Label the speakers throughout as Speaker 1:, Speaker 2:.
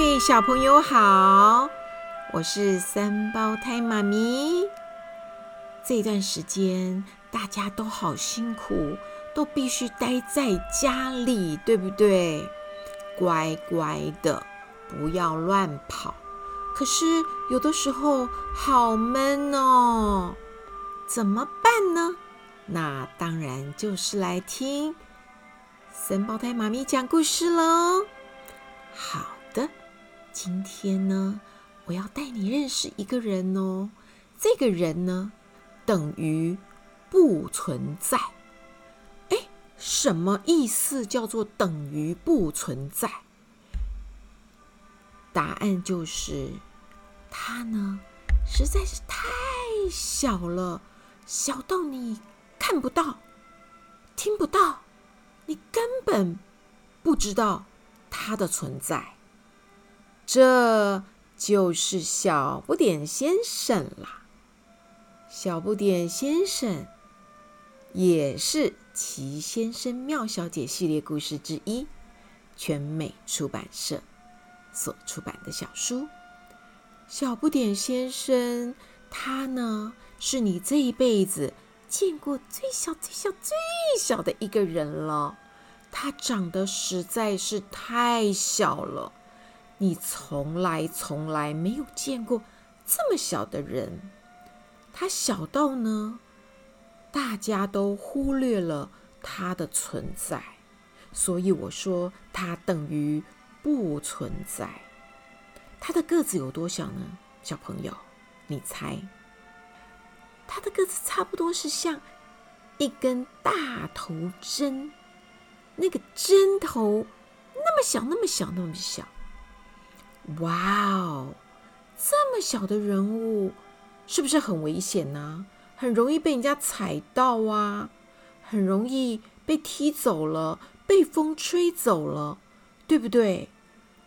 Speaker 1: 各位小朋友好，我是三胞胎媽咪。這段時間大家都好辛苦，都必須待在家裡，對不對？乖乖的，不要亂跑。可是有的時候好悶哦，怎麼辦呢？那當然就是來聽三胞胎媽咪講故事嘍。好。今天呢，我要帶你認識一個人哦。這個人呢，等於不存在。哎、欸，什麼意思叫做等於不存在？答案就是，他呢，實在是太小了，小到你看不到，聽不到，你根本不知道他的存在。這就是小不點先生了。小不點先生也是《奇先生妙小姐》系列故事之一，全美出版社所出版的小書。小不點先生，他呢，是你這一輩子見過最小、最小、最小的一個人了。他長得實在是太小了。你從來從來沒有見過這麼小的人，他小到呢，大家都忽略了他的存在，所以我說他等於不存在。他的個子有多小呢？小朋友，你猜？他的個子差不多是像一根大頭針，那個針頭那麼小，那麼小，那麼小。哇哦，這麼小的人物，是不是很危險呢？很容易被人家踩到啊，很容易被踢走了，被風吹走了，對不對？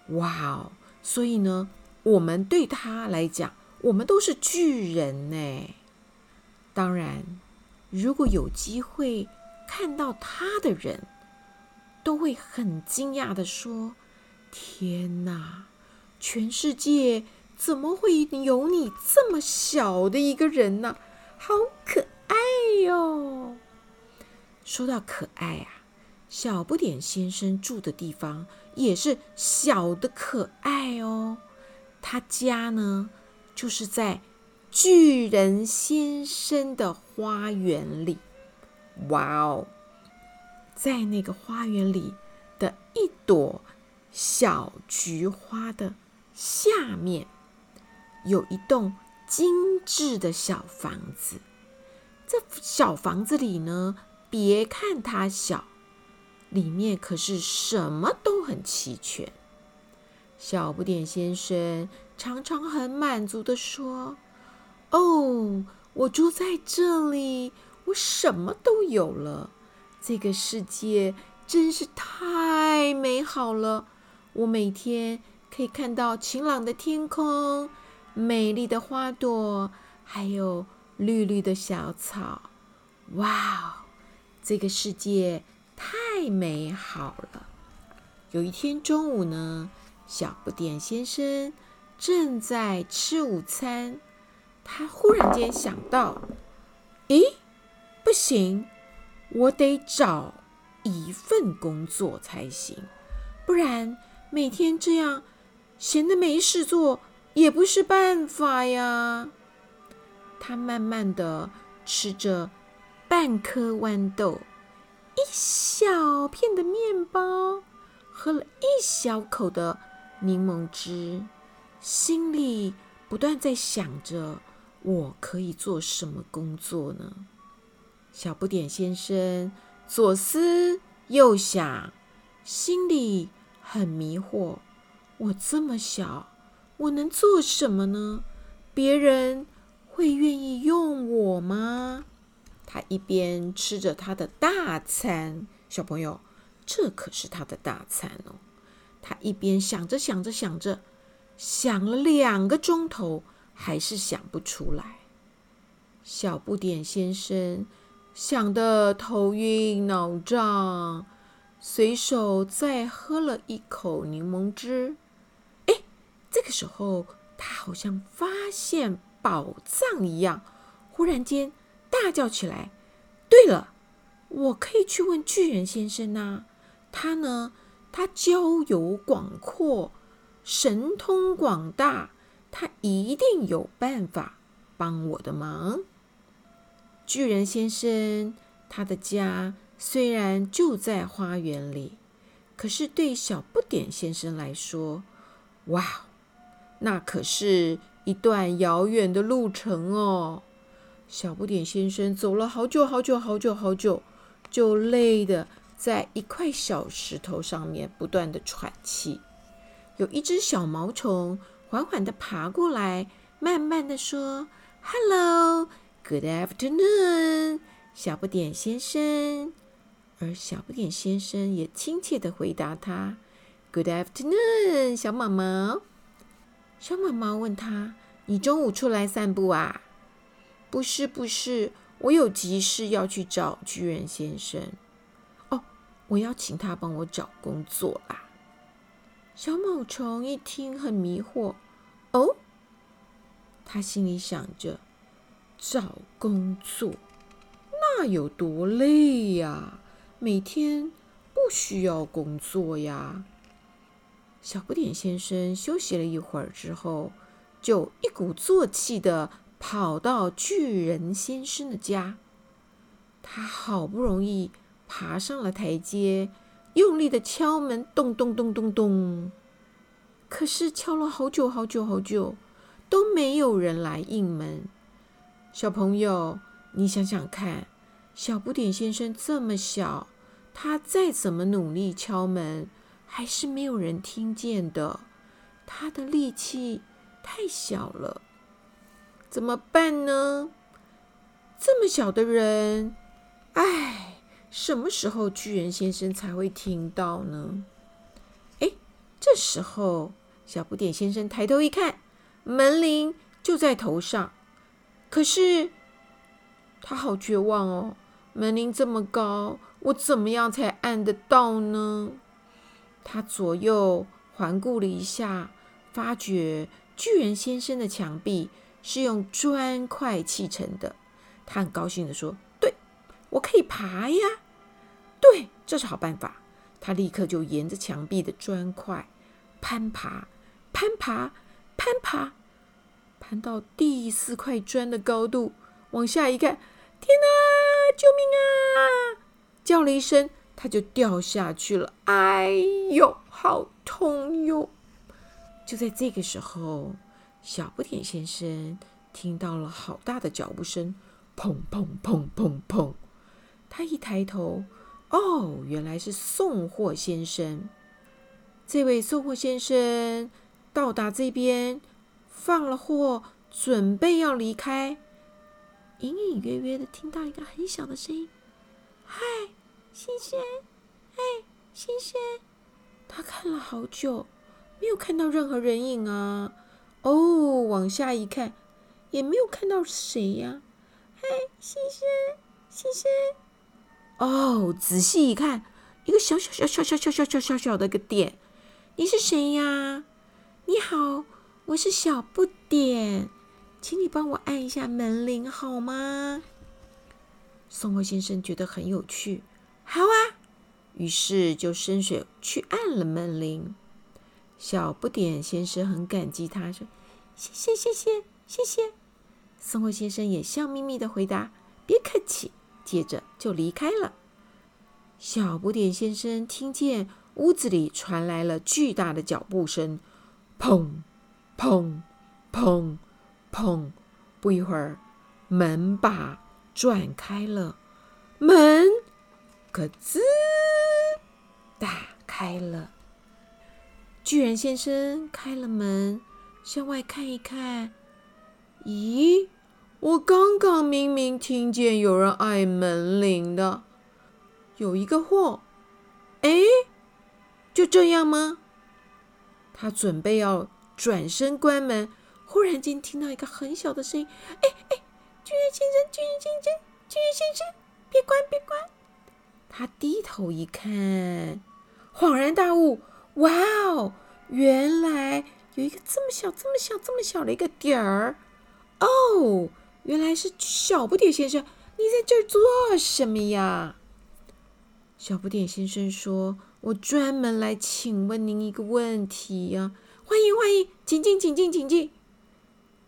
Speaker 1: 哇哦，所以呢，我們對他來講，我們都是巨人呢。當然，如果有機會看到他的人，都會很驚訝地說：“天哪！”全世界怎麼會有你這麼小的一個人呢？好可愛喲！說到可愛啊，小不點先生住的地方也是小的可愛哦。他家呢，就是在巨人先生的花園裡。哇哦，在那個花園裡的一朵小菊花的下面有一棟精緻的小房子。這小房子裡呢，別看它小，裡面可是什麼都很齊全。小不點先生常常很滿足地說：“哦，我住在這裡，我什麼都有了。這個世界真是太美好了。我每天……”可以看到晴朗的天空、美麗的花朵，還有綠綠的小草。哇，這個世界太美好了！有一天中午呢，小不點先生正在吃午餐，他忽然間想到：“欸，不行，我得找一份工作才行，不然每天這樣。”閒得沒事做也不是辦法呀。他慢慢的吃着半顆豌豆，一小片的面包，喝了一小口的檸檬汁，心裡不斷在想着：我可以做什麼工作呢？小不點先生左思右想，心裡很迷惑。我這麼小，我能做什麼呢？別人會願意用我嗎？他一邊吃着他的大餐，小朋友，這可是他的大餐哦。他一邊想着想着想着，想了兩個鐘頭，還是想不出來。小不點先生想得頭暈腦脹，隨手再喝了一口檸檬汁。這個時候，他好像發現寶藏一樣，忽然間大叫起來：“對了，我可以去問巨人先生啊！他呢？他交遊廣闊，神通廣大，他一定有辦法幫我的忙。”巨人先生，他的家雖然就在花園裡，可是對小不點先生來說，哇！那可是一段遙遠的路程哦。小不點先生走了好久好久好久好久，就累得在一塊小石頭上面不斷地喘氣。有一只小毛蟲緩緩地爬過來，慢慢地說：“Hello, Good afternoon，小不點先生。”而小不點先生也親切地回答他：“Good afternoon，小毛毛。”小毛毛問他：“你中午出來散步啊？”“不是，不是，我有急事要去找巨人先生。”“哦，我要請他幫我找工作啦、啊。”小毛蟲一聽很迷惑：“哦，他心裡想着，找工作那有多累呀、啊？每天不需要工作呀。”小不點先生休息了一會兒之後，就一鼓作氣的跑到巨人先生的家。他好不容易爬上了台階，用力的敲門，咚咚咚咚咚。可是敲了好久好久好久，都沒有人來應門。小朋友，你想想看，小不點先生這麼小，他再怎麼努力敲門。還是沒有人聽見的，他的力氣太小了，怎麼辦呢？這麼小的人，唉，什麼時候巨人先生才會聽到呢？哎，這時候小不點先生抬頭一看，門鈴就在頭上，可是他好絕望哦！門鈴這麼高，我怎麼樣才按得到呢？他左右環顧了一下，發覺巨人先生的牆壁是用磚塊砌成的。他很高興地說：“對，我可以爬呀！對，這是好辦法。”他立刻就沿着牆壁的磚塊攀爬，攀爬，攀爬，攀到第四塊磚的高度，往下一看，天哪！救命啊！叫了一聲。他就掉下去了，哎呦，好痛喲！就在這個時候，小不點先生聽到了好大的腳步聲，砰砰砰砰砰！他一抬頭，哦，原來是送貨先生。這位送貨先生到達這邊，放了貨，準備要離開，隱隱約約的聽到一個很小的聲音：“嗨。”先生，哎，先生，他看了好久，沒有看到任何人影啊。哦，往下一看，也沒有看到誰呀、啊。嗨，先生，先生，哦，仔細一看，一個小小小小小小小小小小小小的一個點。你是誰呀？你好，我是小不點，請你幫我按一下門鈴好嗎？宋慧先生覺得很有趣。好啊，於是就伸手去按了門鈴。小不點先生很感激他，他說：“謝謝，謝謝，謝謝。”松鼠先生也笑眯眯的回答：“別客氣。”接着就離開了。小不點先生聽見屋子裡傳來了巨大的腳步聲，砰砰砰砰。不一會兒，門把轉開了，門。可滋打開了。巨人先生開了門，向外看一看。咦，我剛剛明明聽見有人按門鈴的，有一個貨。哎，就這樣嗎？他準備要轉身關門，忽然間聽到一個很小的聲音：“哎哎，巨人先生，巨人先生，巨人先生，別關，別關。”他低頭一看，恍然大悟：“哇哦，原來有一個這麼小、這麼小、這麼小的一個點兒！哦，原來是小不點先生，你在這兒做什麼呀？”小不點先生說：“我專門來請問您一個問題呀、啊。”“歡迎，歡迎，請進，請進，請進。”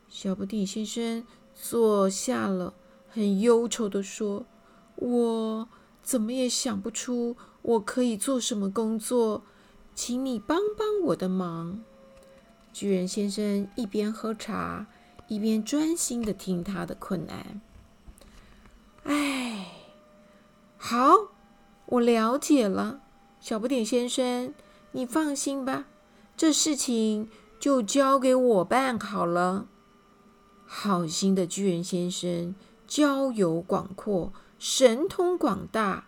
Speaker 1: 小不點先生坐下了，很憂愁地說：“我……”怎麼也想不出我可以做什麼工作，請你幫幫我的忙。巨人先生一邊喝茶，一邊專心地聽他的困難。哎，好，我了解了，小不點先生，你放心吧，這事情就交給我辦好了。好心的巨人先生，交遊廣闊。神通廣大，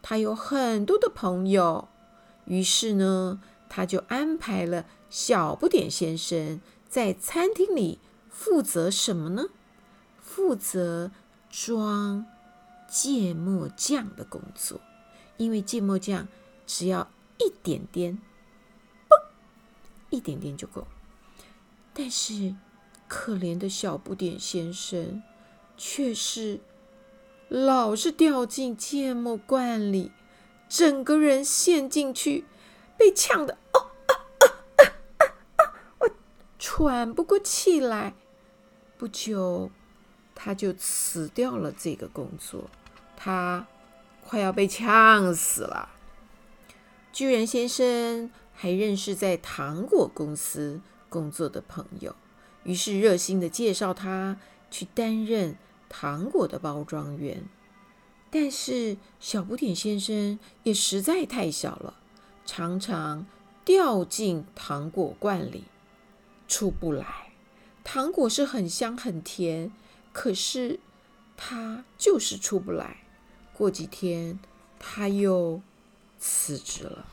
Speaker 1: 他有很多的朋友。於是呢，他就安排了小不點先生在餐廳裡負責什麼呢？負責裝芥末醬的工作。因為芥末醬只要一點點，嘣，一點點就夠。但是，可憐的小不點先生卻是。老是掉進芥末罐裡，整個人陷進去，被嗆得哦哦，哦，啊啊啊啊我喘不過氣來。不久，他就辭掉了這個工作，他快要被嗆死了。巨人先生還認識在糖果公司工作的朋友，於是熱心地介紹他去擔任。糖果的包裝員，但是小不點先生也實在太小了，常常掉進糖果罐裡出不來。糖果是很香很甜，可是他就是出不來。過幾天他又辭職了。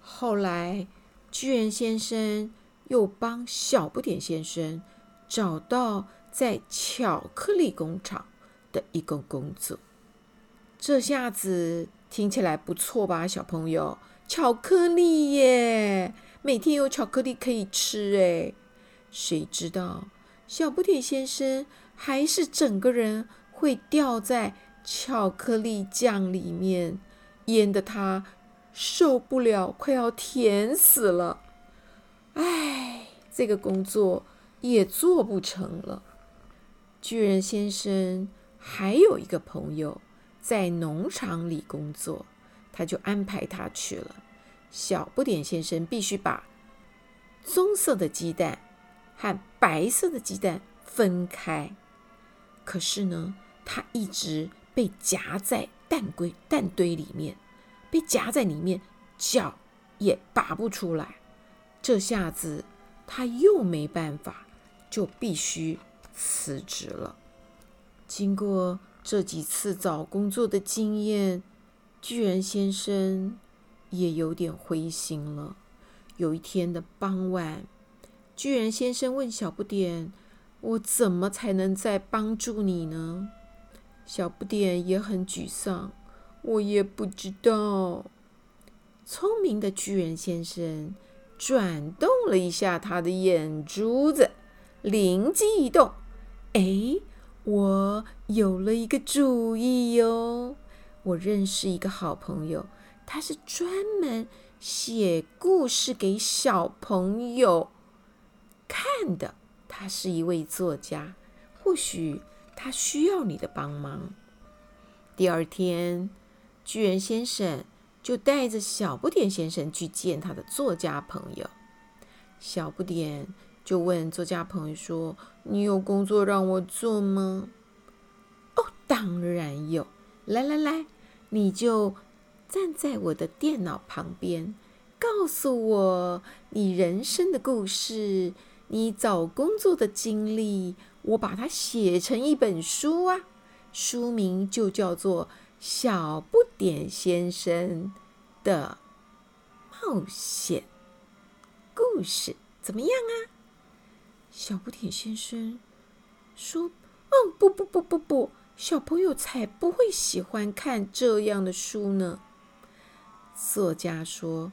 Speaker 1: 後來巨人先生又幫小不點先生找到，在巧克力工廠的一個工作，這下子聽起來不錯吧，小朋友？巧克力耶，每天有巧克力可以吃誒，誰知道小不點先生還是整個人會掉在巧克力醬裡面，淹得他受不了，快要甜死了。哎，這個工作也做不成了。巨人先生還有一個朋友在農場裡工作，他就安排他去了。小不點先生必須把棕色的雞蛋和白色的雞蛋分開。可是呢，他一直被夾在蛋堆蛋堆裡面，被夾在裡面，腳也拔不出來。這下子他又沒辦法，就必須。辭職了。經過這幾次找工作的經驗，巨人先生也有點灰心了。有一天的傍晚，巨人先生問小不點：“我怎麼才能再幫助你呢？”小不點也很沮喪：“我也不知道。”聰明的巨人先生轉動了一下他的眼珠子。靈機一動，哎，我有了一個主意喲、哦！我認識一個好朋友，他是專門寫故事給小朋友看的，他是一位作家，或許他需要你的幫忙。第二天，巨人先生就帶着小不點先生去見他的作家朋友，小不點就問作家朋友說：“你有工作讓我做嗎？”哦，當然有。來來來，你就站在我的電腦旁邊，告訴我你人生的故事，你找工作的經歷，我把它寫成一本書啊。書名就叫做《小不點先生的冒險故事》，怎麼樣啊？小不點先生說：“嗯，不不不不不，小朋友才不會喜歡看這樣的書呢。”作家說：“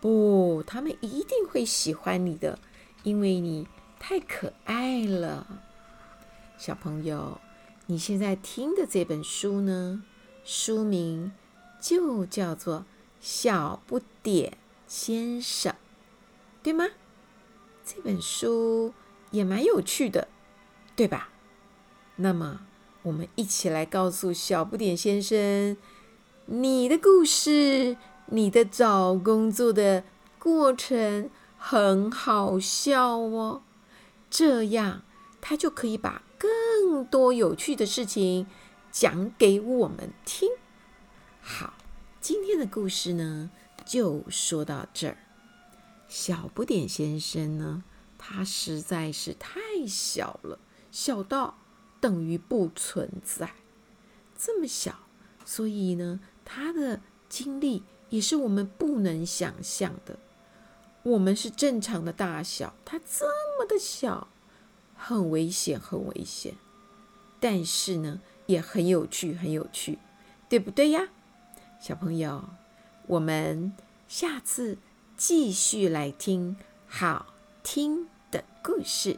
Speaker 1: 不，他們一定會喜歡你的，因為你太可愛了。”小朋友，你現在聽的這本書呢？書名就叫做《小不點先生》，對嗎？這本書。也蠻有趣的，對吧？那麼我們一起來告訴小不點先生，你的故事，你的找工作的過程很好笑哦。這樣他就可以把更多有趣的事情講給我們聽。好，今天的故事呢，就說到這兒。小不點先生呢？他實在是太小了，小到等於不存在，這麼小，所以呢，他的經歷也是我們不能想象的。我們是正常的大小，他這麼的小，很危險，很危險。但是呢，也很有趣，很有趣，對不對呀，小朋友？我們下次繼續來聽，好聽的故事。